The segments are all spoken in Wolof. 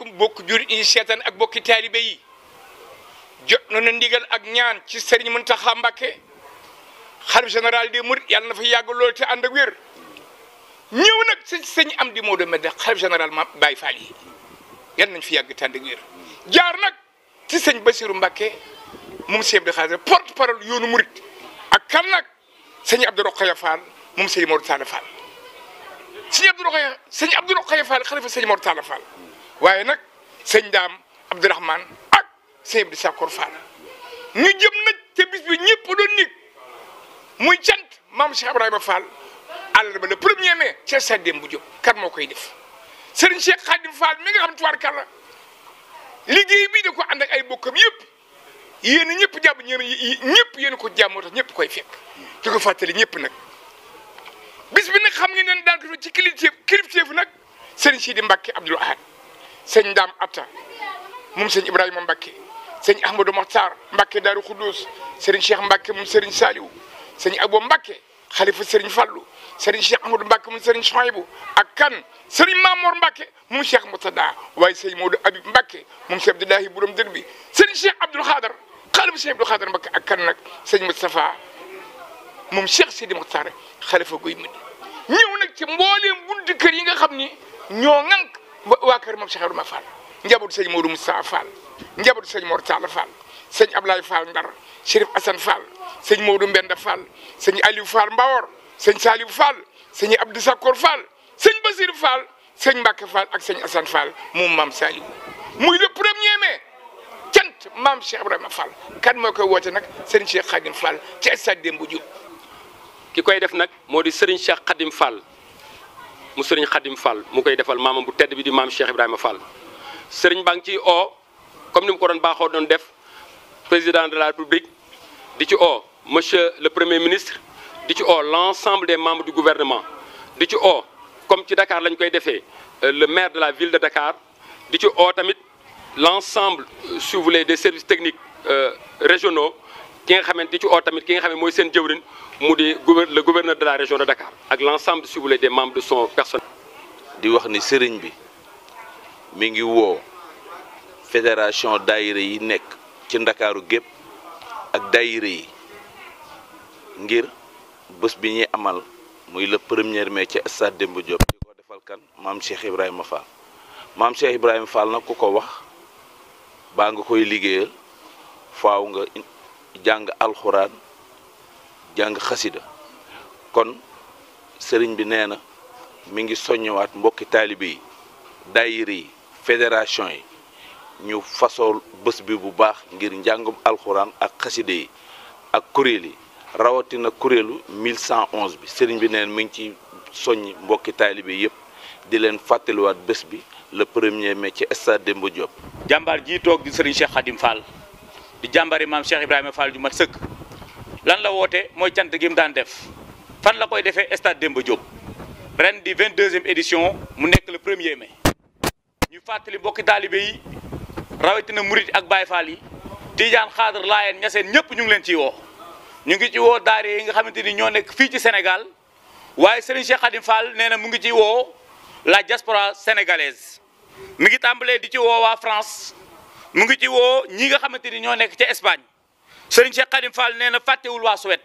kum bokk jur yi seetaan ak bokki taalibe yi jot nañu ndigal ak ñaan ci Serigne Mountakha Mbacké xalif général des Mourides yàlla na fa yàgg lool te ànd ak wér ñëw nag sëñ sëñ am di Maodo Mede xalif général ma Baye Fall yi yàlla nañ fi yàgg te ànd ak wér jaar nag ci sëñ Bassirou Mbacké moom chef de xaalis porte parole yoonu Mouride ak kan nag sëñ Abdou Rokhaya Fall moom sëñ Mor Talla Fall sëñ Abdou Rokhaya sëñ Abdou Rokhaya Fall xalifa sëñ waaye nag sëñ daam Abdourahman ak sëñ Abdou Sakor Fall ñu jëm nag te bis bi ñëpp doon nit muy cant maam Cheikh Ibrahima Fall ba le premier mai ca Sadem bu jóg kan moo koy def sëriñ Cheikh Khadim Fall mi nga xam tubaarkàlla liggéey bi da ko ànd ak ay bokkam yëpp yéen ñëpp jàmm ñëpp ñëpp yéen ko jàmmoo tax ñëpp koy fekk di ko fàttali ñëpp nag bis bi nag xam ngeen ne daan ko ci kilifteef kilifteef nag sëriñ Sidi Mbacke Abdoul Ahad sëñ Ndaam Atta moom sëñ Ibrahima Mbacke sëñ Ahmadou Mokhtar Mbacke Daaru Khoudous sëriñ Cheikh Mbacke moom sëriñ Saliou sëñ Abo Mbacke xalifa sëriñ Fallou sëriñ Cheikh Ahmadou Mbacke moom sëriñ Chouaïbou ak kan sëriñ Mamour Mbacke moom Cheikh Moutada waaye sëñ Modou Habib Mbacke moom sëñ Abdoulahi borom dër bi sëriñ Cheikh Abdoul Khadar xalifa sëñ Abdoul Khadar ak kan nag sëñ Moustapha Cheikh Sidi Mokhtar xalifa ci mbooleem buntu kër yi nga xam ni waa kër moom Cheikh Ibrahima Fall njabootu sëñ Modou Moussa Fall njabootu sëñ Mor Talla Fall sëñ Ablaye Fall Ndar Chérif Assane Fall sëñ Modou Mbenda Fall sëñ Aliou Fall Mbawor sëñ Saliou Fall sëñ Abdou Sakor Fall sëñ Basir Fall sëñ Mbacke Fall ak sëñ Assane Fall moom maam Saliou muy le premier mai cant maam Cheikh Ibrahima Fall kan moo koy woote nag sëriñ Cheikh Khadim Fall ci stade Demba ki koy def nag moo di sëriñ Cheikh Khadim mu sëriñ Xadim Fall mu koy defal maamam bu tedd bi di maam Cheikh Ibrahima Fall sëriñ baa ngi ciy oo comme ni mu ko doon baaxoo doon def président de la République di ci o monsieur le premier ministre di ci oo l'ensemble des membres du gouvernement di ci o comme ci Dakar lañ koy defee euh, le maire de la ville de Dakar di ci o tamit l'ensemble euh, si vous des services techniques euh, régionaux ki nga xamante ci oo tamit ki nga xam ne mooy seen jëwrin mu di le gouverneur de la région de Dakar ak l'ensemble si vous de des membres de son personnel. di wax ni sëriñ bi mi ngi woo fédération daayira yi nekk ci ndakaaru gépp ak daayira yi ngir bés bi ñuy amal muy le premier mais ci stade Demba Diop di ko defal kan maam Cheikh Ibrahima Fall maam Cheikh Ibrahima Fall na ku ko wax baa nga koy liggéeyal faaw nga jàng alxuraan jàng xasida kon sëriñ bi nee na mi ngi soññewaat mbokki taalibe yi daayira yi fédération yi ñu fasool bés bi bu baax ngir njàngum alxuraan ak xasida yi ak kuréel yi rawatina kuréelu 1111 bi sëriñ bi neen mi ngi ci soññ mbokki taalibe yëpp di leen fàttaliwaat bés bi le premier mai ci stade demb Diop. jàmbaar jii toog di sëriñ Cheikh Khadim Fall. di jàmbari maam Cheikh Ibrahima Fall ju mat sëkk lan la woote mooy cant gi mu daan def fan la koy defee stade Demba Diop ren di vingt deuxième édition mu nekk le premier mai ñu fàttali mbokki taalibe yi rawatina murit ak Baye Fall yi Tidiane xaadar laayeen ñaseen ñëpp ñu ngi leen ciy woo ñu ngi ci woo daare yi nga xamante ni ñoo nekk fii ci Sénégal waaye Serigne Cheikh Khadim Fall nee na mu ngi ci woo la diaspora sénégalaise mi ngi tàmbalee di ci woo waa France mu ngi ci woo ñi nga xamante ni ñoo nekk ca Espagne sëriñ Cheikh Khadim Fall nee na fàttewul waa Suède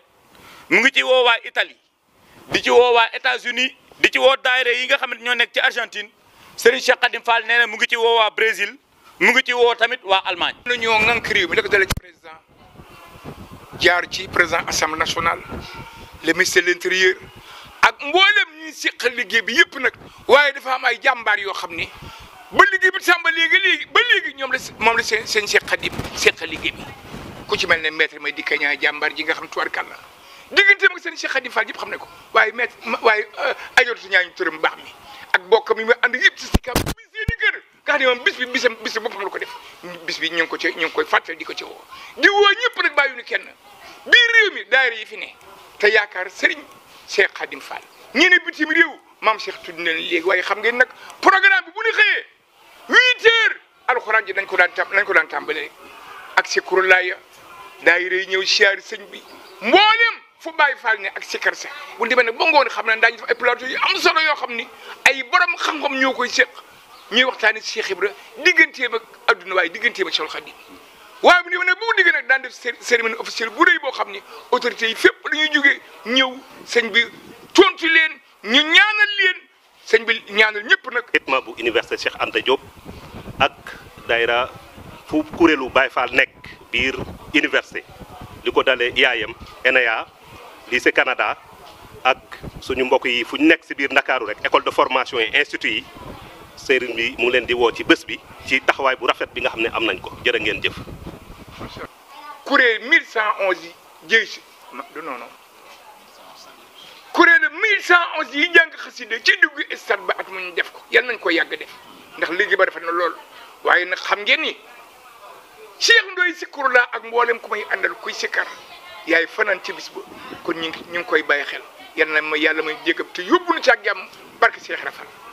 mu ngi ci woo waa Italie di ci woo waa États-Unis di ci woo daayira yi nga xamante ñoo nekk ci Argentine sëriñ Cheikh Khadim Fall nee na mu ngi ci woo waa Brésil mu ngi ci woo tamit waa Allemagne. la ñoo ŋànk réew mi la ko ci président jaar ci président assemblée nationale le ministre de l'intérieur ak mboolem ñi siq liggéey bi yëpp nag waaye dafa am ay jàmbaar yoo xam ni. ba liggéey bi sàmba léegi léegi ba léegi ñoom la moom la seen seen seqa di seqa liggéey bi ku ci mel ne maître may dikka ñaa jàmbar ji seen seqa di fall yëpp xam ne ko waaye maître waaye euh, ajortu ñaañu mi ak seen i kër nga xam ne moom bis ko def bis bi ko ci ñu ngi yi fi ne te yaakaar sëriñ Cheikh Khadim Fall ñeneen bitim réew maam Cheikh tudd na leen léegi waaye xam ngeen nag programme bi bu ñu xëyee alxuraan ji nañ ko daan tam nañ ko daan tàmbalee ak sikru laaya daayira yi ñëw siyaari sëñ bi mboolem fu bàyyi faal ne ak sikkar sa bu demee nag ba ngoon xam ne daañu def ay solo yoo xam ni ay borom xam-xam ñoo koy séq ñuy waxtaanee Cheikh Ibra digganteem ak adduna waaye digganteem ak Cheikh Khadim waaye bu ñu ne bu digg nag daan def cérémonie officielle bu boo xam ni autorités yi fépp dañuy jógee ñëw sëñ bi tontu leen ñu ñaanal leen. sëñ bi ñaanal ñëpp nag. xitma bu université Cheikh Anta Diop ak daayra fu kuréelu Baye Fall nekk biir université li ko dalee IAM li se Canada ak suñu mbokk yi fu ñu nekk si biir Ndakaaru rek école de formation yi institut yi sëriñ bi mu leen di woo ci bés bi ci taxawaay bu rafet bi nga xam ne am nañ ko jërë ngeen jëf. kuréel 1111 yi jéeg kuréelu 1111 yi jàng xasida ci dugg stade ba at mu ñu def ko yal nañ ko yàgg def ndax léegi ba rafet na lool waaye nag xam ngeen ni Cheikh Ndoye Sikkur ak mboolem ku may àndal kuy sikkar yaay fanaan ci bis ba kon ñu ngi ñu ngi koy bàyyi xel yal na ma yàlla may jégab te yóbbu nu ci ak jàmm barke Cheikh Rafal